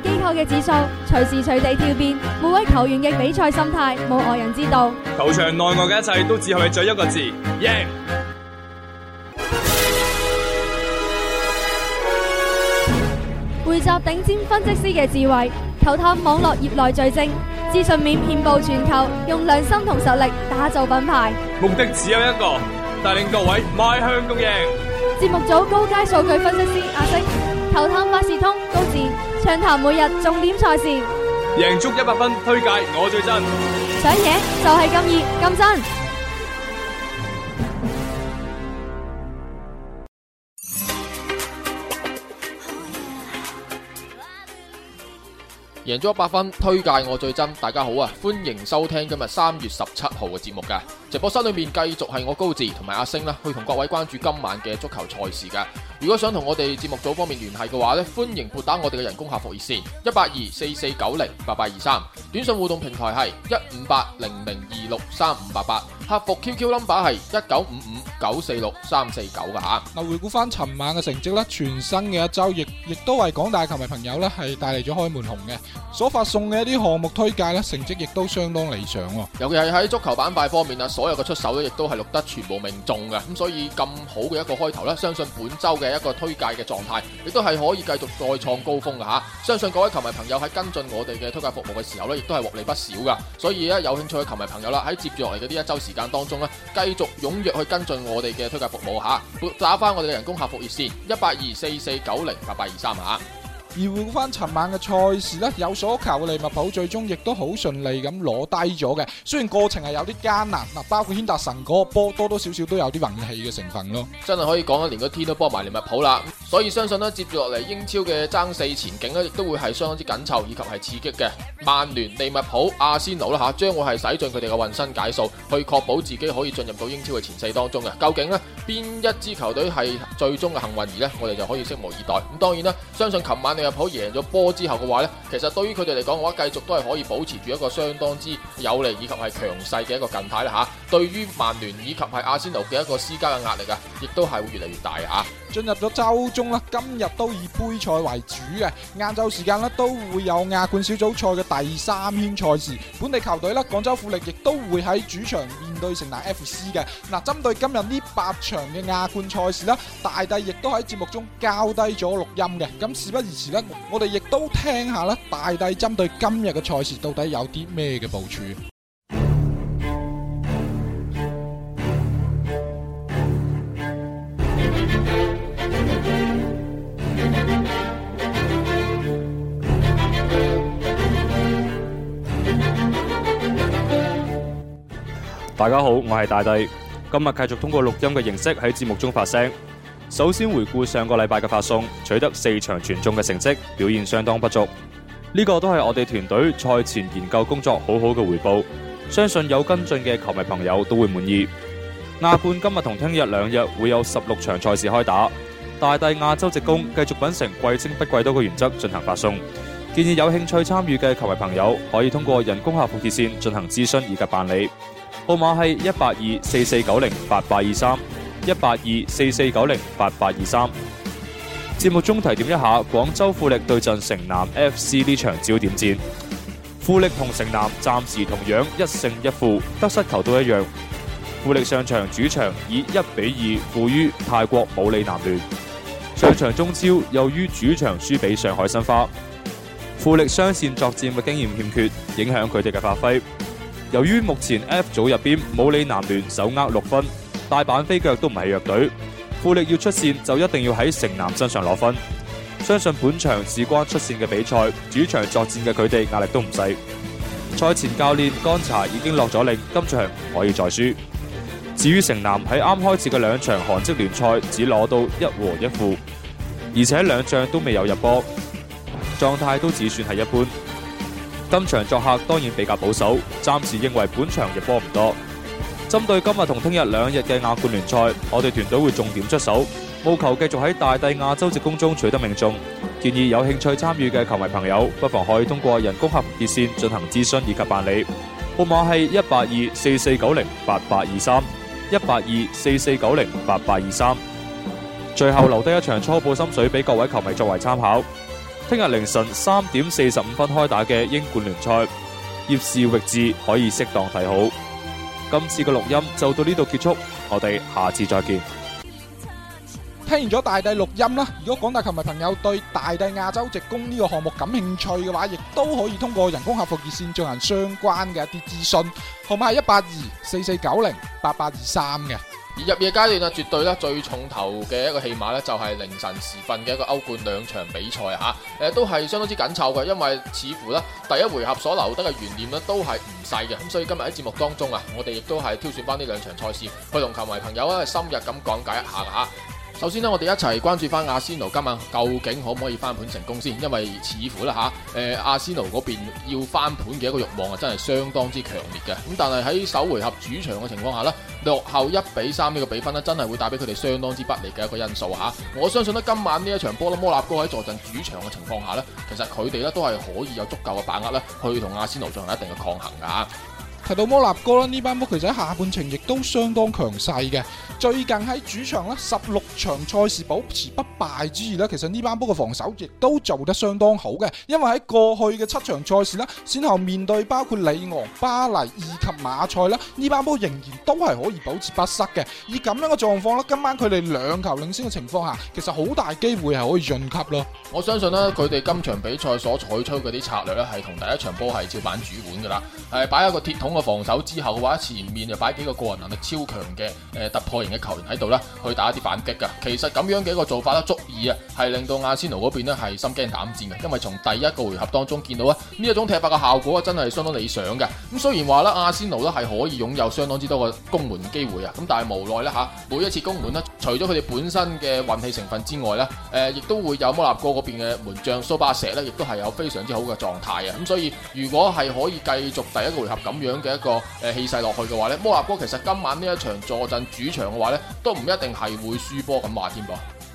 機構嘅指數隨時隨地跳變，每位球員嘅比賽心態冇外人知道。球場內外嘅一切都只係在一個字：贏。匯集頂尖分析師嘅智慧，球探網絡業內最精，資訊面遍布全球，用良心同實力打造品牌。目的只有一個，帶領各位邁向共贏。節目組高階數據分析師阿星，球探百事通高智。暢談每日重點賽事，贏足一百分，推介我最真，想贏就係咁熱咁真。贏咗一百分，推介我最真。大家好啊，歡迎收聽今日三月十七號嘅節目噶。直播室裏面繼續係我高志同埋阿星啦，去同各位關注今晚嘅足球賽事噶。如果想同我哋節目組方面聯繫嘅話咧，歡迎撥打我哋嘅人工客服熱線一八二四四九零八八二三，短信互動平台係一五八零零二六三五八八。客服 QQ number 係一九五五九四六三四九噶吓，嗱回顧翻尋晚嘅成績啦，全新嘅一周亦亦都為廣大球迷朋友咧係帶嚟咗開門紅嘅，所發送嘅一啲項目推介咧，成績亦都相當理想，尤其係喺足球板塊方面啊，所有嘅出手咧亦都係錄得全部命中嘅，咁所以咁好嘅一個開頭啦，相信本周嘅一個推介嘅狀態，亦都係可以繼續再創高峰嘅吓，相信各位球迷朋友喺跟進我哋嘅推介服務嘅時候咧，亦都係獲利不少噶，所以咧有興趣嘅球迷朋友啦，喺接住落嚟嘅呢一周時間當中咧，繼續踴躍去跟進我哋嘅推介服務吓，撥打翻我哋嘅人工客服熱線一八二四四九零八八二三吓。而回顧翻尋晚嘅賽事呢，有所求利物浦最終亦都好順利咁攞低咗嘅。雖然過程係有啲艱難，嗱，包括軒達臣個波多多少少都有啲運氣嘅成分咯。真係可以講啊，連個天都幫埋利物浦啦。所以相信咧，接住落嚟英超嘅爭四前景呢，亦都會係相當之緊湊以及係刺激嘅。曼聯、利物浦、阿仙奴啦嚇，將會係使盡佢哋嘅渾身解數，去確保自己可以進入到英超嘅前四當中嘅。究竟咧邊一支球隊係最終嘅幸運兒呢？我哋就可以拭目以待。咁當然啦，相信琴晚入波贏咗波之後嘅話呢，其實對於佢哋嚟講嘅話，繼續都係可以保持住一個相當之有利以及係強勢嘅一個近態啦吓。對於曼聯以及係阿仙奴嘅一個施加嘅壓力啊，亦都係會越嚟越大啊。進入咗周中啦，今日都以杯賽為主嘅，晏晝時間咧都會有亞冠小組賽嘅第三圈賽事。本地球隊咧，廣州富力亦都會喺主場面對成南 FC 嘅。嗱，針對今日呢八場嘅亞冠賽事咧，大帝亦都喺節目中交低咗錄音嘅。咁事不宜遲咧，我哋亦都聽下啦，大帝針對今日嘅賽事到底有啲咩嘅部署。大家好，我係大帝，今日繼續通過錄音嘅形式喺節目中發聲。首先回顧上個禮拜嘅發送，取得四場全中嘅成績，表現相當不俗。呢個都係我哋團隊賽前研究工作好好嘅回報。相信有跟進嘅球迷朋友都會滿意。亞冠今日同聽日兩日會有十六場賽事開打，大帝亞洲直供繼續秉承貴精不貴多嘅原則進行發送。建議有興趣參與嘅球迷朋友可以通過人工客服熱線進行諮詢以及辦理。號碼係一八二四四九零八八二三一八二四四九零八八二三。節目中提點一下，廣州富力對陣城南 FC 呢場焦點戰。富力同城南暫時同樣一勝一負，得失球都一樣。富力上場主場以一比二負於泰國武里南聯，上場中超由於主場輸俾上海申花。富力雙線作戰嘅經驗欠缺，影響佢哋嘅發揮。由於目前 F 組入邊武里南聯手握六分，大阪飛腳都唔係弱隊，富力要出線就一定要喺城南身上攞分。相信本場事關出線嘅比賽，主場作戰嘅佢哋壓力都唔細。賽前教練觀茶已經落咗令，今場唔可以再輸。至於城南喺啱開始嘅兩場韓職聯賽只攞到一和一負，而且兩仗都未有入波，狀態都只算係一般。今場作客當然比較保守，暫時認為本場入波唔多。針對今日同聽日兩日嘅亞冠聯賽，我哋團隊會重點出手，務求繼續喺大帝亞洲直攻中取得命中。建議有興趣參與嘅球迷朋友，不妨可以通過人工客服熱線進行諮詢以及辦理，號碼係一八二四四九零八八二三一八二四四九零八八二三。最後留低一場初步心水俾各位球迷作為參考。聽日凌晨三點四十五分開打嘅英冠聯賽，葉少域志可以適當睇好。今次嘅錄音就到呢度結束，我哋下次再見。聽完咗大帝錄音啦，如果廣大球迷朋友對大帝亞洲直攻呢個項目感興趣嘅話，亦都可以通過人工客服熱線進行相關嘅一啲資訊，號碼係一八二四四九零八八二三嘅。而入夜階段啊，絕對咧最重頭嘅一個戲碼咧，就係凌晨時分嘅一個歐冠兩場比賽啊！嚇，誒都係相當之緊湊嘅，因為似乎咧第一回合所留得嘅懸念咧都係唔細嘅，咁所以今日喺節目當中啊，我哋亦都係挑選翻呢兩場賽事去同球迷朋友啊深入咁講解一下嚇。首先呢，我哋一齊關注翻阿仙奴今晚究竟可唔可以翻盤成功先？因為似乎啦吓，誒，阿仙奴嗰邊要翻盤嘅一個欲望啊，真係相當之強烈嘅。咁但係喺首回合主場嘅情況下呢，落後一比三呢個比分呢，真係會帶俾佢哋相當之不利嘅一個因素吓。我相信呢今晚呢一場波咧，摩納哥喺坐鎮主場嘅情況下呢，其實佢哋呢都係可以有足夠嘅把握呢，去同阿仙奴進行一定嘅抗衡噶提到摩納哥啦，呢班波其實下半程亦都相當強勢嘅。最近喺主場咧，十六場賽事保持不敗之餘咧，其實呢班波嘅防守亦都做得相當好嘅。因為喺過去嘅七場賽事咧，先後面對包括里昂、巴黎以及馬賽啦，呢班波仍然都係可以保持不失嘅。以咁樣嘅狀況咧，今晚佢哋兩球領先嘅情況下，其實好大機會係可以晉級咯。我相信咧，佢哋今場比賽所採取嗰啲策略咧，係同第一場波係照板煮碗噶啦，係擺一個鐵桶。個防守之後嘅話，前面就擺幾個個人能力超強嘅誒突破型嘅球員喺度啦，去打一啲反擊噶。其實咁樣嘅一個做法都足以啊，係令到阿仙奴嗰邊呢係心驚膽戰嘅。因為從第一個回合當中見到啊，呢一種踢法嘅效果啊，真係相當理想嘅。咁雖然話啦，阿仙奴咧係可以擁有相當之多嘅攻門機會啊，咁但係無奈咧吓，每一次攻門呢，除咗佢哋本身嘅運氣成分之外呢，誒、呃，亦都會有摩納哥嗰邊嘅門將蘇巴石呢，亦都係有非常之好嘅狀態啊。咁所以如果係可以繼續第一個回合咁樣。嘅一個誒氣勢落去嘅話咧，摩納哥其實今晚呢一場坐鎮主場嘅話咧，都唔一定係會輸波咁話添噃。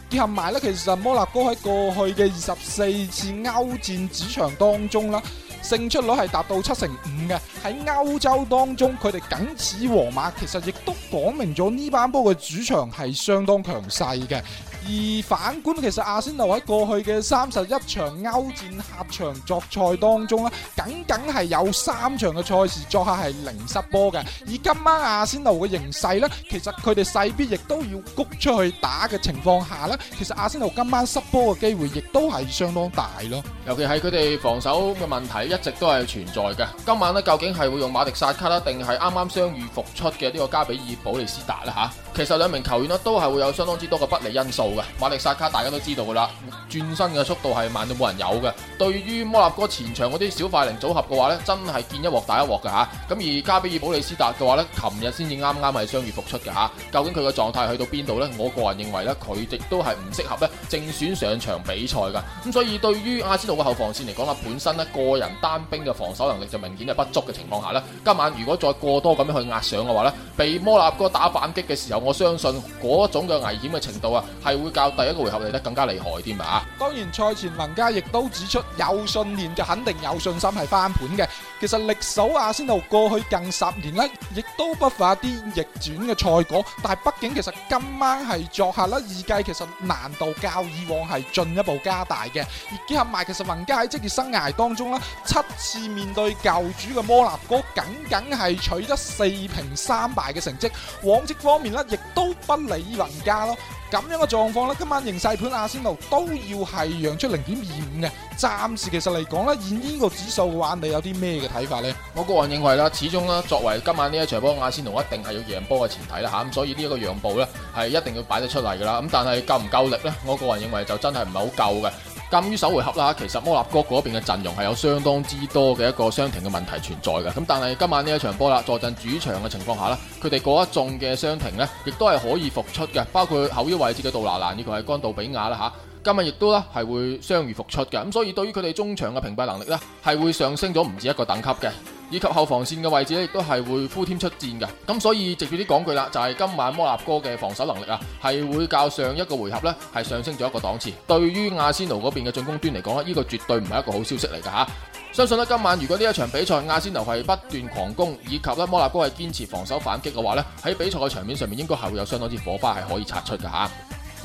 結合埋咧，其實摩納哥喺過去嘅二十四次歐戰主場當中啦，勝出率係達到七成五嘅。喺歐洲當中，佢哋僅次皇馬，其實亦都講明咗呢班波嘅主場係相當強勢嘅。而反觀其實阿仙奴喺過去嘅三十一場歐戰客場作賽當中咧，僅僅係有三場嘅賽事作客係零失波嘅。而今晚阿仙奴嘅形勢咧，其實佢哋勢必亦都要谷出去打嘅情況下咧，其實阿仙奴今晚失波嘅機會亦都係相當大咯。尤其係佢哋防守嘅問題一直都係存在嘅。今晚咧，究竟係會用馬迪薩卡啦，定係啱啱傷愈復出嘅呢個加比爾保利斯達啦？嚇，其實兩名球員咧，都係會有相當之多嘅不利因素。嘅馬力薩卡大家都知道噶啦，轉身嘅速度係慢到冇人有嘅。對於摩納哥前場嗰啲小快靈組合嘅話呢，真係見一鑊打一鑊嘅吓。咁而加比爾保利斯塔嘅話呢，琴日先至啱啱係傷愈復出嘅吓。究竟佢嘅狀態去到邊度呢？我個人認為呢，佢亦都係唔適合咧正選上場比賽噶。咁所以對於阿仙奴嘅後防線嚟講啦，本身咧個人單兵嘅防守能力就明顯係不足嘅情況下呢，今晚如果再過多咁樣去壓上嘅話呢，被摩納哥打反擊嘅時候，我相信嗰種嘅危險嘅程度啊，係。會教第一個回合嚟得更加厲害添啊！當然，賽前文家亦都指出，有信念就肯定有信心係翻盤嘅。其實歷數阿仙奴過去近十年咧，亦都不乏啲逆轉嘅賽果。但係畢竟，其實今晚係作客啦，意計其實難度較以往係進一步加大嘅。而結合埋其實文家喺職業生涯當中咧，七次面對舊主嘅摩納哥，僅僅係取得四平三敗嘅成績。往績方面咧，亦都不利文家咯。咁樣嘅狀況咧，今晚贏勢盤阿仙奴都要係讓出零點二五嘅。暫時其實嚟講咧，現呢個指數嘅話，你有啲咩嘅睇法呢？我個人認為啦，始終啦，作為今晚呢一場波阿仙奴一定係要贏波嘅前提啦吓，咁所以呢一個讓步咧係一定要擺得出嚟㗎啦。咁但係夠唔夠力呢？我個人認為就真係唔係好夠嘅。鑑於首回合啦，其實摩納哥嗰邊嘅陣容係有相當之多嘅一個傷停嘅問題存在嘅。咁但係今晚呢一場波啦，坐鎮主場嘅情況下啦，佢哋嗰一眾嘅傷停呢，亦都係可以復出嘅，包括後腰位置嘅杜拿蘭，呢、這個係剛度比亞啦嚇。今日亦都啦係會傷愈復出嘅。咁所以對於佢哋中場嘅屏蔽能力呢，係會上升咗唔止一個等級嘅。以及後防線嘅位置咧，亦都係會呼添出戰嘅。咁所以直接啲講句啦，就係、是、今晚摩納哥嘅防守能力啊，係會較上一個回合呢，係上升咗一個檔次。對於阿仙奴嗰邊嘅進攻端嚟講呢，呢個絕對唔係一個好消息嚟㗎嚇。相信呢，今晚如果呢一場比賽阿仙奴係不斷狂攻，以及咧摩納哥係堅持防守反擊嘅話呢，喺比賽嘅場面上面應該係會有相當之火花係可以擦出㗎嚇、啊。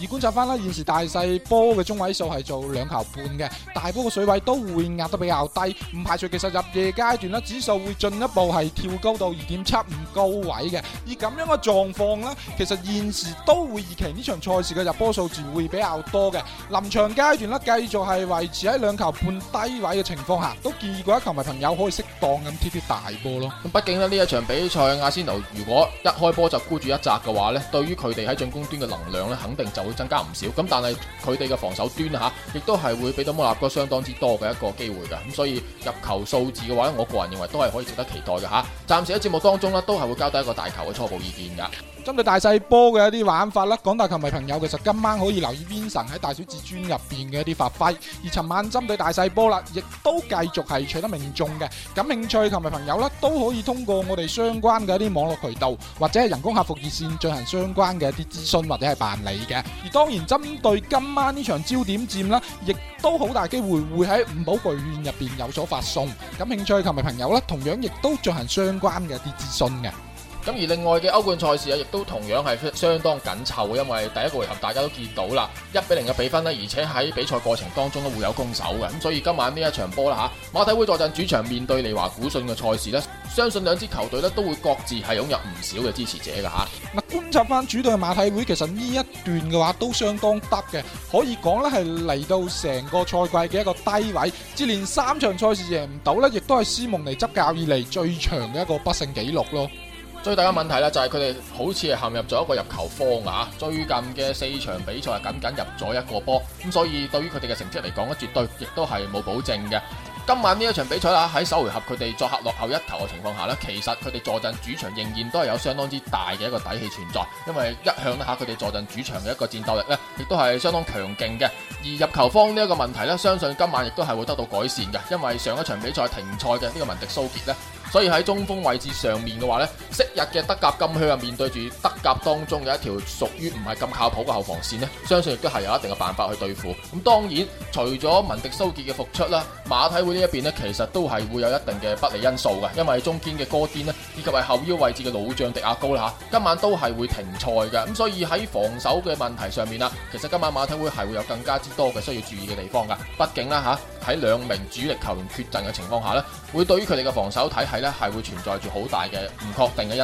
而觀察翻啦，現時大細波嘅中位數係做兩球半嘅，大波嘅水位都會壓得比較低，唔排除其實入夜階段啦，指數會進一步係跳高到二點七五高位嘅。而咁樣嘅狀況呢，其實現時都會預期呢場賽事嘅入波數字會比較多嘅。臨場階段啦，繼續係維持喺兩球半低位嘅情況下，都建議各位球迷朋友可以適當咁貼啲大波咯。咁畢竟咧呢一場比賽，阿仙奴如果一開波就孤注一擲嘅話呢，對於佢哋喺進攻端嘅能量咧，肯定就～會增加唔少，咁但係佢哋嘅防守端吓，亦都係會俾到莫納哥相當之多嘅一個機會嘅，咁所以入球數字嘅話咧，我個人認為都係可以值得期待嘅吓。暫時喺節目當中咧，都係會交代一個大球嘅初步意見嘅。針對大細波嘅一啲玩法啦，廣大球迷朋友其實今晚可以留意邊神喺大小至尊入邊嘅一啲發揮，而尋晚針對大細波啦，亦都繼續係取得命中嘅。感興趣球迷朋友咧，都可以通過我哋相關嘅一啲網絡渠道或者係人工客服熱線進行相關嘅一啲諮詢或者係辦理嘅。而當然，針對今晚呢場焦點戰啦，亦都好大機會會喺五寶巨獻入面有所發送。感興趣嘅球迷朋友咧，同樣亦都進行相關嘅啲資訊嘅。咁而另外嘅歐冠賽事啊，亦都同樣係相當當緊湊嘅，因為第一個回合大家都見到啦，一比零嘅比分呢，而且喺比賽過程當中都互有攻守嘅。咁所以今晚呢一場波啦嚇，馬體會坐陣主場面對利華古信嘅賽事呢，相信兩支球隊呢都會各自係擁有唔少嘅支持者嘅嚇。嗱，觀察翻主隊馬體會，其實呢一段嘅話都相當得嘅，可以講呢係嚟到成個賽季嘅一個低位，至連三場賽事贏唔到呢，亦都係斯蒙尼執教以嚟最長嘅一個不勝紀錄咯。最大嘅問題咧，就係佢哋好似係陷入咗一個入球荒嘅。最近嘅四場比賽，係僅僅入咗一個波，咁所以對於佢哋嘅成績嚟講，咧絕對亦都係冇保證嘅。今晚呢一場比賽啦，喺首回合佢哋作客落後一球嘅情況下咧，其實佢哋坐鎮主場仍然都係有相當之大嘅一個底氣存在，因為一向咧佢哋坐鎮主場嘅一個戰鬥力呢，亦都係相當強勁嘅。而入球荒呢一個問題呢，相信今晚亦都係會得到改善嘅，因為上一場比賽停賽嘅呢個文迪蘇傑呢，所以喺中鋒位置上面嘅話呢。一日嘅德甲金靴啊，面對住德甲當中嘅一條屬於唔係咁靠譜嘅後防線咧，相信亦都係有一定嘅辦法去對付。咁當然，除咗文迪蘇杰嘅復出啦，馬體會呢一邊咧，其實都係會有一定嘅不利因素嘅，因為中堅嘅哥甸咧，以及係後腰位置嘅老將迪亞高啦，今晚都係會停賽嘅。咁所以喺防守嘅問題上面啊，其實今晚馬體會係會有更加之多嘅需要注意嘅地方噶。畢竟啦嚇，喺兩名主力球員缺陣嘅情況下咧，會對於佢哋嘅防守體系咧係會存在住好大嘅唔確定嘅因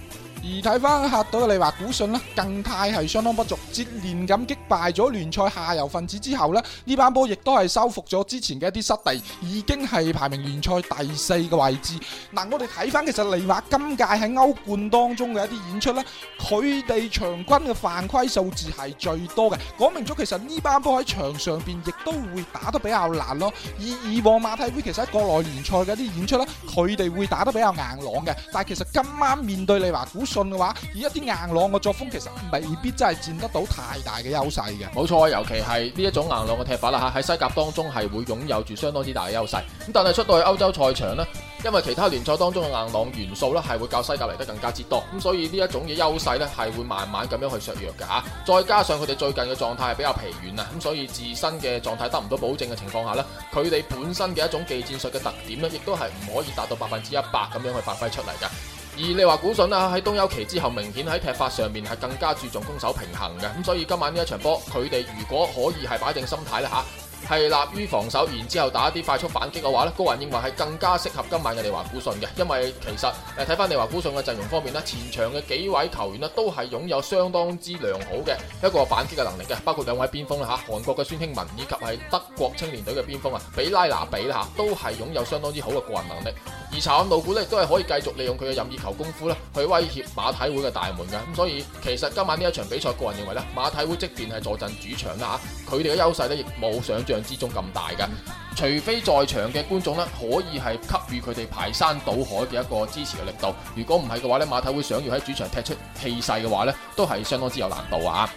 而睇翻客隊嘅利華古遜咧，近態係相當不俗。接連咁擊敗咗聯賽下游份子之後咧，呢班波亦都係收復咗之前嘅一啲失地，已經係排名聯賽第四嘅位置。嗱、啊，我哋睇翻其實利華今屆喺歐冠當中嘅一啲演出咧，佢哋場均嘅犯規數字係最多嘅，講明咗其實呢班波喺場上邊亦都會打得比較難咯。而以以往馬體會其實喺國內聯賽嘅一啲演出咧，佢哋會打得比較硬朗嘅，但係其實今晚面對利華古，嘅話，以一啲硬朗嘅作風，其實未必真係占得到太大嘅優勢嘅。冇錯，尤其係呢一種硬朗嘅踢法啦，吓喺西甲當中係會擁有住相當之大嘅優勢。咁但係出到去歐洲賽場呢，因為其他聯賽當中嘅硬朗元素呢係會較西甲嚟得更加之多，咁所以呢一種嘅優勢呢係會慢慢咁樣去削弱嘅吓。再加上佢哋最近嘅狀態係比較疲軟啊，咁所以自身嘅狀態得唔到保證嘅情況下呢，佢哋本身嘅一種技戰術嘅特點呢，亦都係唔可以達到百分之一百咁樣去發揮出嚟嘅。而利華古信啊，喺冬休期之後，明顯喺踢法上面係更加注重攻守平衡嘅，咁所以今晚呢一場波，佢哋如果可以係擺定心態咧嚇，係立於防守，然之後打一啲快速反擊嘅話咧，高雲認為係更加適合今晚嘅利華古信嘅，因為其實誒睇翻利華古信嘅陣容方面咧，前場嘅幾位球員咧都係擁有相當之良好嘅一個反擊嘅能力嘅，包括兩位邊鋒啦嚇，韓國嘅孫興文以及係德國青年隊嘅邊鋒啊比拉拿比啦嚇，都係擁有相當之好嘅個人能力。而查安奴古咧亦都係可以繼續利用佢嘅任意球功夫咧，去威脅馬體會嘅大門嘅。咁所以其實今晚呢一場比賽，個人認為咧，馬體會即便係坐鎮主場啦嚇，佢哋嘅優勢咧亦冇想象之中咁大嘅。除非在場嘅觀眾咧可以係給予佢哋排山倒海嘅一個支持嘅力度，如果唔係嘅話咧，馬體會想要喺主場踢出氣勢嘅話咧，都係相當之有難度啊！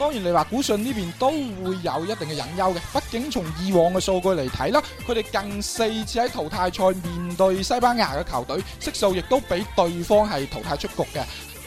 當然你話，古信呢邊都會有一定嘅隱憂嘅。畢竟從以往嘅數據嚟睇啦，佢哋近四次喺淘汰賽面對西班牙嘅球隊，悉數亦都俾對方係淘汰出局嘅。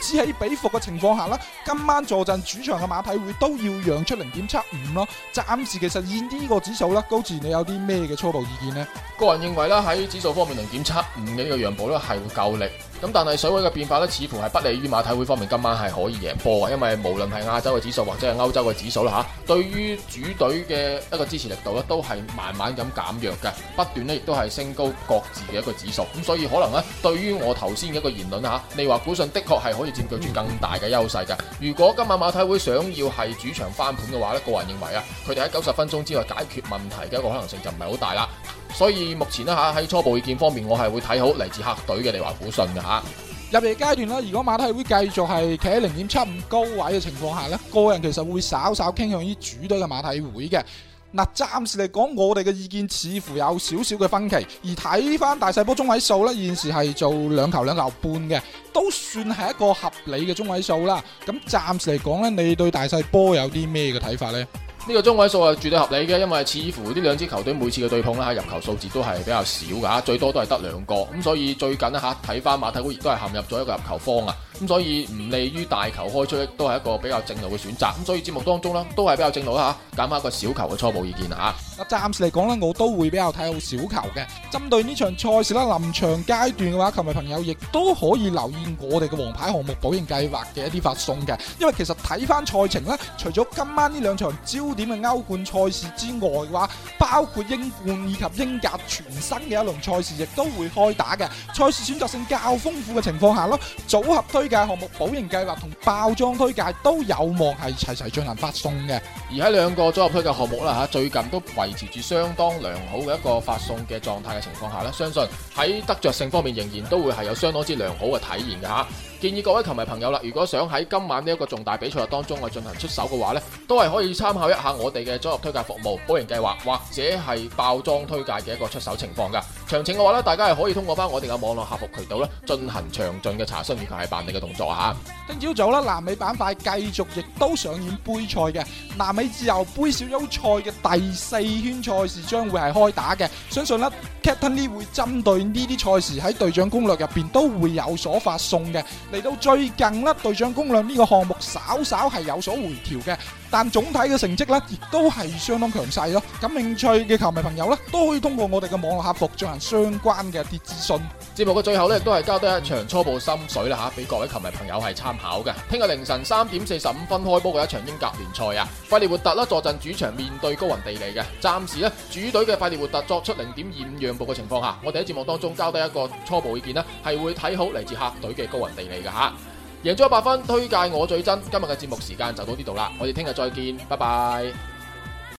只喺比伏嘅情況下啦，今晚坐鎮主場嘅馬體會都要讓出零點七五咯。暫時其實現啲呢個指數啦，高志，你有啲咩嘅初步意見呢？個人認為啦，喺指數方面零點七五嘅呢個讓步咧係會夠力。咁但係水位嘅變化咧，似乎係不利於馬體會方面。今晚係可以贏波啊，因為無論係亞洲嘅指數或者係歐洲嘅指數啦嚇，對於主隊嘅一個支持力度咧，都係慢慢咁減弱嘅，不斷咧亦都係升高各自嘅一個指數。咁所以可能咧，對於我頭先嘅一個言論嚇，利華古訊的確係可以佔據住更大嘅優勢嘅。如果今晚馬體會想要係主場翻盤嘅話咧，個人認為啊，佢哋喺九十分鐘之內解決問題嘅一個可能性就唔係好大啦。所以目前咧嚇喺初步意見方面，我係會睇好嚟自客隊嘅利華古遜嘅吓。入夜階段咧，如果馬體會繼續係企喺零點七五高位嘅情況下咧，個人其實會稍稍傾向於主隊嘅馬體會嘅。嗱，暫時嚟講，我哋嘅意見似乎有少少嘅分歧，而睇翻大細波中位數呢現時係做兩球兩球半嘅，都算係一個合理嘅中位數啦。咁暫時嚟講呢，你對大細波有啲咩嘅睇法呢？呢個中位數是絕對合理嘅，因為似乎這兩支球隊每次嘅對碰入球數字都係比較少㗎，最多都係得兩個。咁所以最近啊馬睇翻馬體會都係陷入咗一個入球荒咁所以唔利於大球開出，都係一個比較正路嘅選擇。咁所以節目當中咧，都係比較正路啦吓，減翻一個小球嘅初步意見吓。嗱，暫時嚟講咧，我都會比較睇好小球嘅。針對這場呢場賽事啦，臨場階段嘅話，球迷朋友亦都可以留意我哋嘅王牌項目保贏計劃嘅一啲發送嘅。因為其實睇翻賽程咧，除咗今晚呢兩場焦點嘅歐冠賽事之外嘅話，包括英冠以及英甲全新嘅一輪賽事，亦都會開打嘅。賽事選擇性較豐富嘅情況下咯，組合推，界項目保型計劃同爆裝推介都有望係齊齊進行發送嘅，而喺兩個組合推介項目啦嚇，最近都維持住相當良好嘅一個發送嘅狀態嘅情況下咧，相信喺得着性方面仍然都會係有相當之良好嘅體驗嘅嚇。建議各位球迷朋友啦，如果想喺今晚呢一個重大比賽當中，去進行出手嘅話呢都係可以參考一下我哋嘅左右推介服務、保贏計劃或者係爆裝推介嘅一個出手情況噶。詳情嘅話呢大家係可以通過翻我哋嘅網絡客服渠道咧進行詳盡嘅查詢，以及係辦理嘅動作嚇。聽朝早呢南美板塊繼續亦都上演杯賽嘅南美自由杯小組賽嘅第四圈賽事將會係開打嘅。相信呢 Captain Lee 會針對呢啲賽事喺隊長攻略入面都會有所發送嘅。嚟到最近咧，對象攻略呢個項目稍稍係有所回調嘅，但總體嘅成績呢亦都係相當強勢咯。感興趣嘅球迷朋友呢，都可以通過我哋嘅網絡客服進行相關嘅一啲資訊。節目嘅最後咧，都係交低一場初步心水啦吓，俾各位球迷朋友係參考嘅。聽日凌晨三點四十五分開波嘅一場英格聯賽啊，費列活特啦坐陣主場面對高雲地利嘅。暫時咧主隊嘅費列活特作出零點二五讓步嘅情況下，我哋喺節目當中交低一個初步意見啦，係會睇好嚟自客隊嘅高雲地利嘅吓，贏咗一百分。推介我最真，今日嘅節目時間就到呢度啦，我哋聽日再見，拜拜。